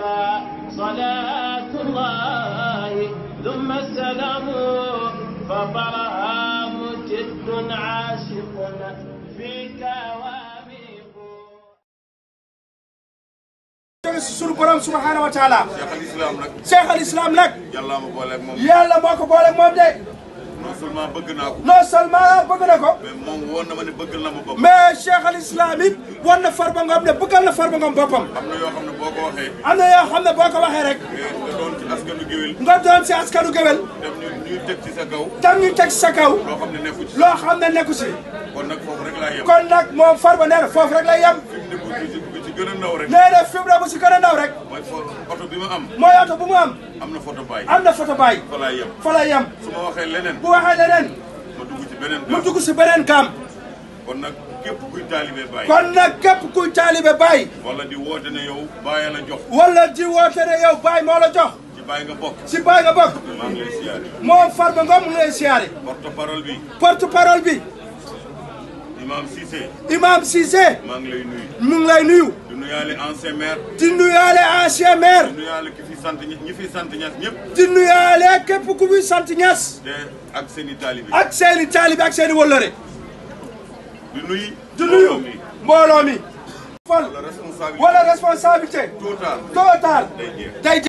عليك صلاة الله ثم السلام فطرها مجد عاشق فيك واميق sunu borom subhanahu wa taala cheikh al islam nag cheikh al islam nag yàlla moo ko booleeg moom de seulement bëgg naa ko. non seulement bëgg na ko. mais moom woon na ma ne bëggal na ma boppam. mais Cheikh al a it woon na Farba Ngom ne bëggal na Farba Ngom boppam. am na yoo xam ne boo ko waxee. am na yoo xam ne boo ko waxee rek. nga doon ci askanu géwél. nga doon ci askanu géwél. dem ñu ñuy teg ci sa kaw. loo xam ne nekku ci. kon nag moom Farba nee na foofu rek lay yem. fi mu ne bu ci a ndaw a rek mooy oto bi am. mooy oto bu mu am. am na photo baay. am na photo baay. fa laay yem fa ma leneen. bu waxee leneen. ma dugg ci beneen kaam ma dugg ci beneen kaam. kon nag képp kuy taalibe baay. kon nag képp kuy taalibe baay. wala di woote ne yow baay la jox. wala di woote ne yow baay moo la jox. ci baay nga bokk. ci baay nga bokk. maa ngi lay mu ngi lay siyaare. porte bi. porte parole bi. Imam Cissé. Imam Cissé. mu ngi nuyu. nuyaale ancien maire. di nuyaale di nuyaale ki fi sant ñi fi sant di nuyaale képp ku fi sant ñas. ak seen i taalibe. ak seen i ak seen i wëllëre. di nuyu. di wala responsabilité wala responsabilité. tôt